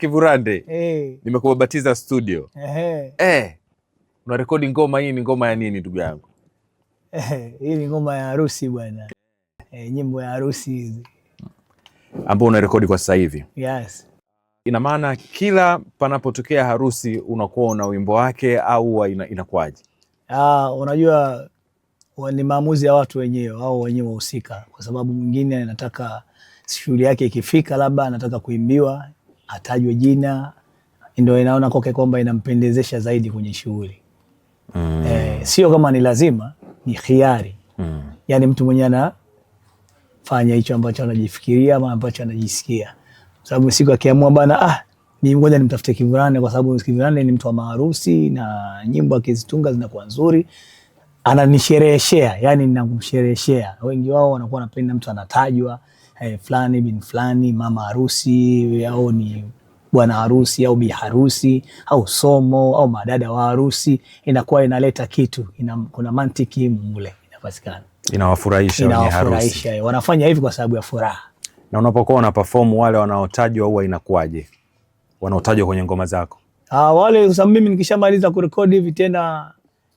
Kivurande hey. Eh. Nimekubabatiza studio hey. Hey. Eh, unarekodi ngoma hii, ni ngoma ya nini ndugu yangu? Hey. Hii ni ngoma ya harusi bwana hey, eh, nyimbo ya harusi hizi ambao unarekodi kwa sasa hivi yes. Ina maana kila panapotokea harusi unakuwa una wimbo wake au ina, inakuwaje? Ah, unajua ni maamuzi ya watu wenyewe au wenyewe wahusika, kwa sababu mwingine anataka shughuli yake ikifika, labda anataka kuimbiwa atajwe jina, ndio inaona kwake kwamba inampendezesha zaidi kwenye shughuli mm. Eh, sio kama ni lazima, ni khiari mm. Yani mtu mwenyewe anafanya hicho ambacho anajifikiria ama ambacho anajisikia, sababu siku akiamua bana, ah, mimi ngoja nimtafute Kivurane kwa sababu Kivurane ni mtu wa maharusi na nyimbo akizitunga zinakuwa nzuri ananishereheshea, yani nakumshereheshea. Wengi wao wanakuwa wanapenda mtu anatajwa eh, fulani bin fulani, mama harusi au ni bwana harusi au bi harusi au somo au madada wa harusi, inakuwa inaleta kitu ina, kuna mantiki mule inapatikana, inawafurahisha wenye harusi. Wanafanya hivi kwa sababu ya furaha. Na unapokuwa una perform wale wanaotajwa, huwa inakuwaje wanaotajwa kwenye ngoma zako? Ah, wale mimi nikishamaliza kurekodi hivi tena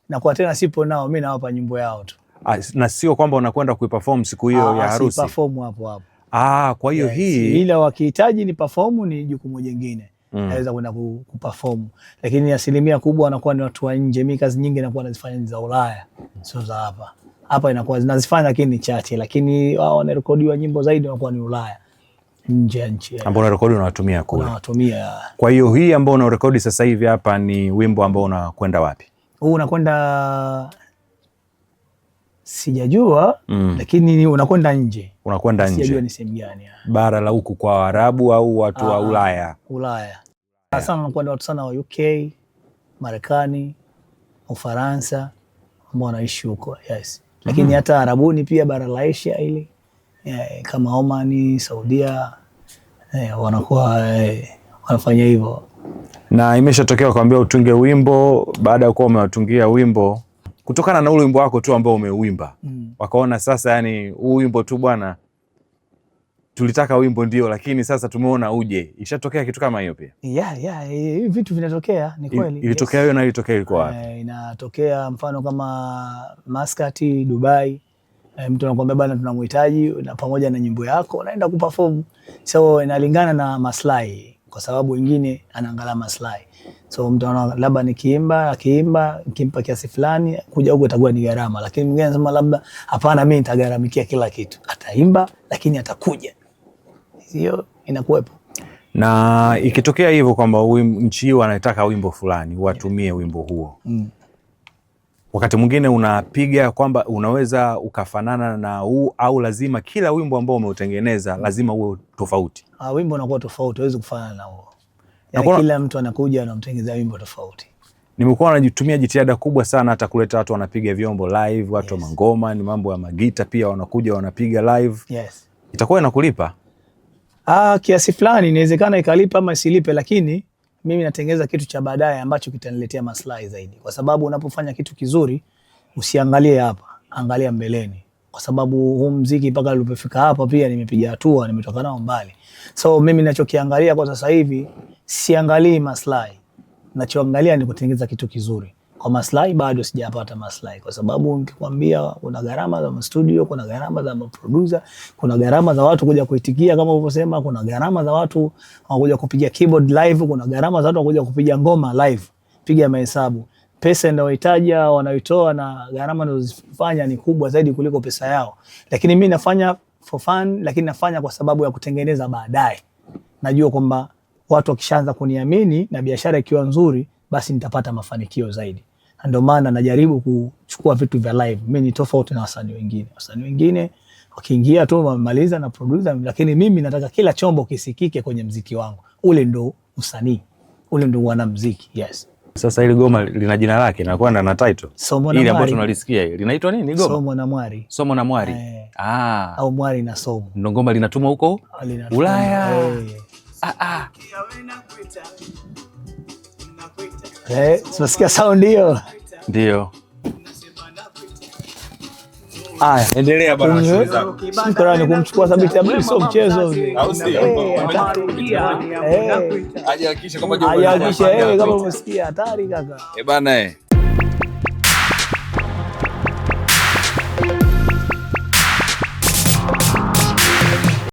nakuwa tena sipo nao, mimi nawapa nyimbo yao tu. Ah, na sio kwamba unakwenda kuiperform siku hiyo ah, ya harusi. Perform hapo hapo. Ah, kwa hiyo yes, hii ila wakihitaji ni perform ni jukumu jingine mm. Naweza kwenda kuperform, lakini asilimia kubwa wanakuwa ni watu wa nje. Mimi kazi nyingi nakuwa nazifanya za Ulaya, sio za hapa hapa, inakuwa nazifanya lakini ni chache, lakini wao wanarekodiwa nyimbo zaidi wanakuwa ni Ulaya nje nje. ambao unarekodi unawatumia kule, unawatumia. Kwa hiyo hii ambayo unarekodi sasa hivi hapa ni wimbo ambao unakwenda wapi? Huu unakwenda Sijajua mm. Lakini unakwenda nje, unakwenda nje, sijajua ni sehemu gani, bara la huku kwa arabu au watu wa ah, Ulaya. Ulaya sana nakwenda watu sana wa UK, Marekani, Ufaransa ambao wanaishi huko yes. Lakini mm hata Arabuni pia bara la Asia ili yeah, kama Omani, Saudia yeah, wanakuwa eh, wanafanya hivyo, na imeshatokea kuambia utunge wimbo baada ya kuwa umewatungia wimbo kutokana na ule wimbo wako tu ambao umeuimba mm. Wakaona sasa, yani huu wimbo tu bwana, tulitaka wimbo ndio, lakini sasa tumeona uje. Ishatokea kitu kama hiyo pia? yeah, yeah, vitu vinatokea, ni kweli. Ilitokea hiyo yes. Na ilitokea ilikuwa wapi? E, inatokea mfano kama Maskati, Dubai e, mtu anakuambia bana, tunamhitaji na pamoja na nyimbo yako, naenda kuperform so inalingana na maslahi kwa sababu wengine anaangalia maslahi. So mtu anaona labda nikiimba, akiimba nikimpa kiasi fulani, kuja huko itakuwa ni gharama, lakini mwingine anasema labda hapana, mimi nitagharamikia kila kitu, ataimba lakini atakuja, hiyo inakuwepo na ikitokea hivyo kwamba nchi hiyo anataka wimbo fulani watumie wimbo huo mm wakati mwingine unapiga kwamba unaweza ukafanana na huu au lazima kila wimbo ambao umeutengeneza lazima uwe tofauti? Ah, wimbo unakuwa tofauti, huwezi kufanana na huo. Yani kuna... kila mtu anakuja anamtengeneza wimbo tofauti. Nimekuwa najitumia jitihada kubwa sana hata kuleta watu wanapiga vyombo live, watu wa yes. mangoma ni mambo ya magita pia wanakuja wanapiga live yes. itakuwa inakulipa? Ah, kiasi fulani inawezekana ikalipa ama isilipe, lakini mimi natengeneza kitu cha baadaye ambacho kitaniletea maslahi zaidi, kwa sababu unapofanya kitu kizuri usiangalie hapa, angalia mbeleni, kwa sababu huu mziki mpaka ulipofika hapa pia nimepiga hatua, nimetoka nao mbali. So mimi nachokiangalia kwa sasa hivi siangalii maslahi, nachoangalia ni kutengeneza kitu kizuri. Kwa maslahi bado sijapata maslahi, kwa sababu nikikwambia, kuna gharama za studio, kuna gharama za producer, kuna gharama za watu kuja kuitikia kama ulivyosema, kuna gharama za watu kuja kupiga keyboard live, kuna gharama za watu kuja kupiga ngoma live. Piga mahesabu, pesa inayohitaji wanaitoa na gharama nazozifanya ni kubwa zaidi kuliko pesa yao, lakini mimi nafanya for fun, lakini nafanya kwa sababu ya kutengeneza baadaye. Najua kwamba watu wakishaanza kuniamini na biashara ikiwa nzuri, basi nitapata mafanikio zaidi na ndio maana najaribu kuchukua vitu vya live. Mimi ni tofauti na wasanii wengine. Wasanii wengine wakiingia tu wamemaliza na producer, lakini mimi nataka kila chombo kisikike kwenye mziki wangu. Ule ndo usanii, ule ndo wanamziki. Yes. Sasa hili goma lina jina lake linakuwa na title. Somo na mwari. Tunalisikia hili. Linaitwa nini goma? Somo na mwari. Somo na mwari. Eh. Ah. Au mwari na somo. ndo goma linatumwa huko ah, Ulaya. Eh. Ah ah. Eh, tunasikia saundi hiyo. Ndio. Aya, endelea bwana Shukrani shughuli kumchukua Thabiti Abdul sio mchezo. Au eh. kama umesikia hatari kaka. Eh bana eh.